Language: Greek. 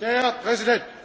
Der Herr Präsident!